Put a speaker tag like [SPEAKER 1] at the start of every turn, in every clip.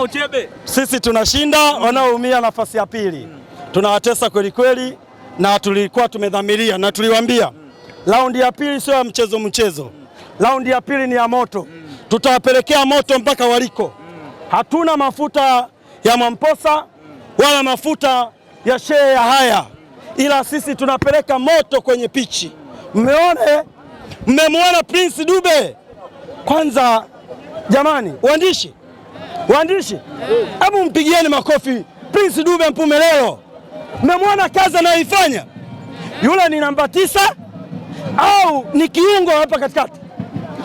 [SPEAKER 1] kama uchebe. Sisi tunashinda mm. wanaoumia nafasi ya pili mm. tunawatesa kweli kweli, na tulikuwa tumedhamiria na tuliwaambia mm. raundi ya pili sio ya mchezo mchezo mm. raundi ya pili ni ya moto mm. tutawapelekea moto mpaka waliko mm. hatuna mafuta ya Mwamposa mm. wala mafuta ya shehe ya haya mm. ila sisi tunapeleka moto kwenye pichi. Mmeone, eh? mmemwona Prince Dube. Kwanza jamani, waandishi, Waandishi, hebu mpigieni makofi Prince Dube Mpume leo. Mmemwona kazi anayoifanya yule, ni namba tisa au ni kiungo hapa katikati,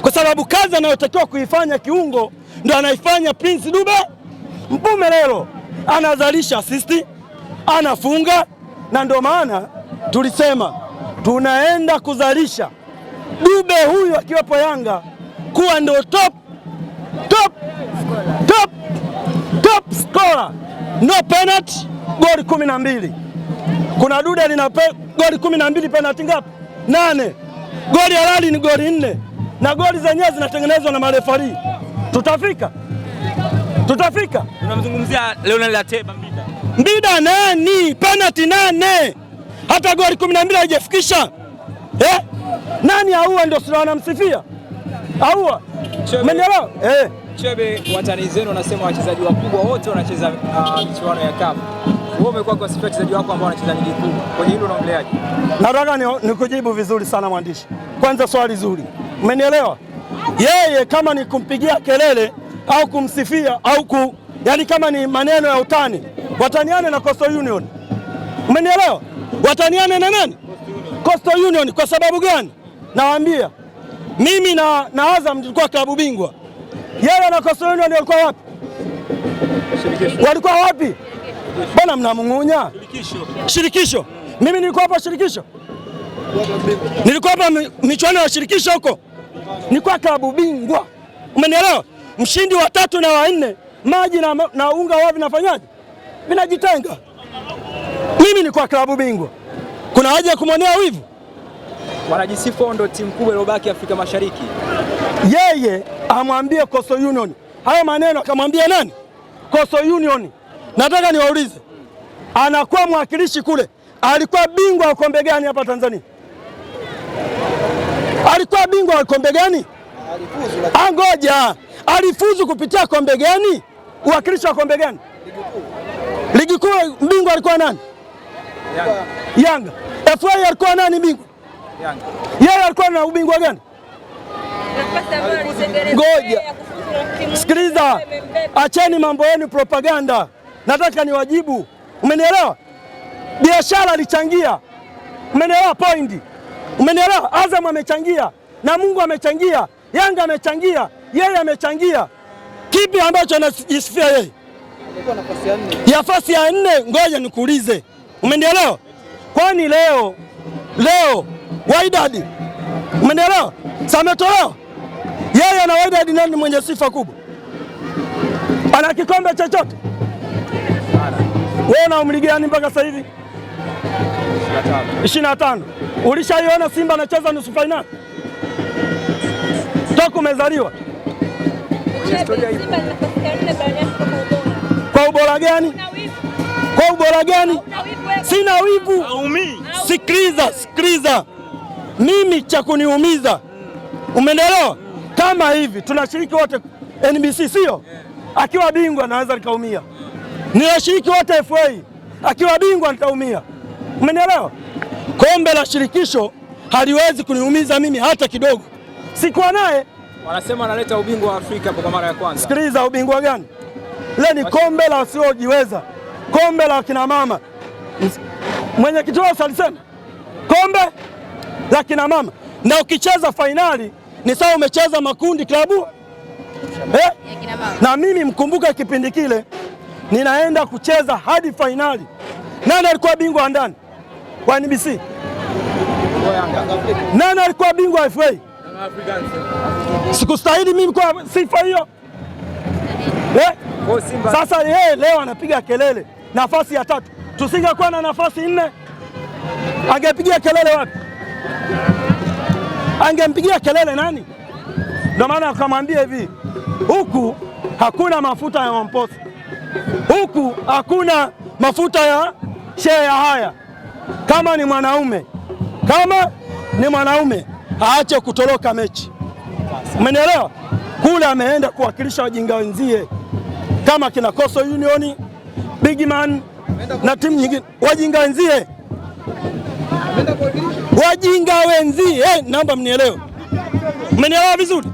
[SPEAKER 1] kwa sababu kazi anayotakiwa kuifanya kiungo ndo anaifanya Prince Dube Mpume leo, anazalisha asisti, anafunga, na ndio maana tulisema tunaenda kuzalisha Dube huyu akiwepo Yanga kuwa ndio top top, top, top scorer no penalty, goli kumi na mbili. Kuna duda lina goli kumi na mbili, penalty ngapi? Nane. Goli halali ni goli nne, na goli zenyewe zinatengenezwa na marefari. Tutafika, tutafika.
[SPEAKER 2] Tunamzungumzia Leonel Ateba Mbida,
[SPEAKER 1] Mbida nani? Penalty nane, hata goli kumi na mbili haijafikisha eh? Nani auwe ndio sio wanamsifia? Aua. Umenielewa? Eh.
[SPEAKER 2] Chebe, watani zenu wanasema wachezaji wakubwa wote wanacheza ah, michuano ya kapu. Wewe umekuwa kwa sifa wachezaji wako ambao wanacheza ligi kubwa. Kwenye hilo unaongeleaje?
[SPEAKER 1] Nataka nikujibu vizuri sana mwandishi. Kwanza swali zuri. Umenielewa? Yeye kama ni kumpigia kelele au kumsifia au ku yani kama ni maneno ya utani, wataniane na Coastal Union. Umenielewa? Wataniane na nani? Coastal Union. Coastal Union kwa sababu gani? Nawaambia mimi na, na Azam tulikuwa klabu bingwa, yale na Coastal walikuwa wapi? walikuwa wapi? Bwana mnamng'unya shirikisho, shirikisho. Mimi nilikuwa hapa shirikisho, nilikuwa hapa michuano ya shirikisho huko, nilikuwa klabu bingwa, umenielewa? Mshindi wa tatu na wa nne, maji na, na unga wao vinafanyaje? Vinajitenga. Mimi nilikuwa klabu bingwa, kuna haja ya kumwonea wivu?
[SPEAKER 2] wanajisifu ndo timu kubwa iliyobaki Afrika Mashariki.
[SPEAKER 1] Yeye amwambie Coastal Union hayo maneno, akamwambia nani? Coastal Union. Nataka niwaulize, anakuwa mwakilishi kule, alikuwa bingwa wa kombe gani hapa Tanzania? Alikuwa bingwa wa kombe gani? Angoja, ah, alifuzu kupitia kombe gani? Uwakilishi wa kombe gani? Ligi kuu, bingwa alikuwa nani? Yanga. FA alikuwa nani bingwa? yeye alikuwa na ubingwa gani? Ngoja sikiliza, acheni mambo yenu propaganda, nataka niwajibu. Umenielewa? biashara alichangia, umenielewa Point, Umenielewa? Azam amechangia, Namungo amechangia, Yanga amechangia, yeye amechangia. Kipi ambacho anajisifia yeye? nafasi ya nne. Ngoja nikuulize, umenielewa? Kwani leo leo Wydad, umenielewa? Sasa ametolewa yeye na Wydad, nani mwenye sifa kubwa? Ana kikombe chochote? Wewe una umri gani mpaka sasa hivi? 25. Ulishaiona Simba anacheza nusu fainali toka umezaliwa? Kwa ubora gani? Kwa ubora gani? Sina wivu. Sikiliza, sikiliza mimi cha kuniumiza, umeelewa? Kama hivi tunashiriki wote NBC, sio akiwa bingwa naweza nikaumia, washiriki wote FA, akiwa bingwa nitaumia, umeelewa? Kombe la shirikisho haliwezi kuniumiza mimi hata kidogo, sikuwa naye.
[SPEAKER 2] Wanasema analeta ubingwa wa Afrika kwa mara ya kwanza.
[SPEAKER 1] Sikiliza, ubingwa gani? le ni kombe la wasiojiweza, kombe la wakina mama. Mwenyekiti wao alisema kombe za kina mama, na ukicheza fainali ni sawa umecheza makundi klabu eh? Na mimi mkumbuka kipindi kile ninaenda kucheza hadi fainali. Nani alikuwa bingwa wa ndani wa NBC? Nani alikuwa bingwa wa FA? Sikustahili mimi kwa sifa hiyo eh? Sasa yeye leo anapiga kelele nafasi ya tatu, tusingekuwa na nafasi nne, angepiga kelele wapi? angempigia kelele nani? Ndio maana akamwambia hivi, huku hakuna mafuta ya mamposa, huku hakuna mafuta ya shea ya haya. Kama ni mwanaume, kama ni mwanaume aache kutoroka mechi, umenielewa? Kule ameenda kuwakilisha wajinga wenzie kama kina Coastal Union, Bigman na timu nyingine, wajinga wenzie wajinga wenzi eh, naomba mnielewe, mmenielewa vizuri,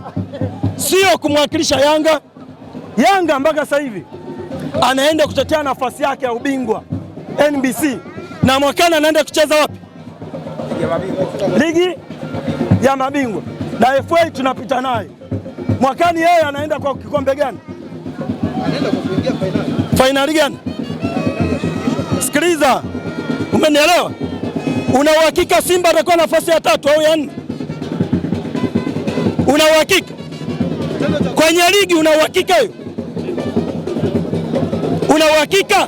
[SPEAKER 1] sio kumwakilisha Yanga. Yanga mpaka sasa hivi anaenda kutetea nafasi yake ya ubingwa NBC, na mwakani anaenda kucheza wapi? Ligi ya mabingwa na FA tunapita naye mwakani, yeye anaenda kwa kikombe gani? Fainali gani? Sikiliza, umenielewa? Una uhakika Simba atakuwa nafasi ya tatu au ya nne? Una uhakika kwenye ligi? Una uhakika hiyo? Una uhakika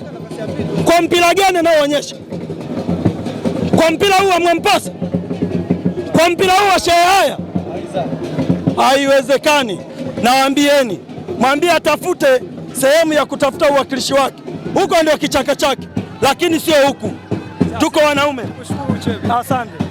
[SPEAKER 1] kwa mpira gani anaoonyesha? Kwa mpira huu wa Mwampasa? Kwa mpira huu wa haya Haiwezekani. Nawaambieni, mwambie atafute sehemu ya kutafuta uwakilishi wake, huko ndio kichaka chake, lakini sio huku. Tuko wanaume. Hasan.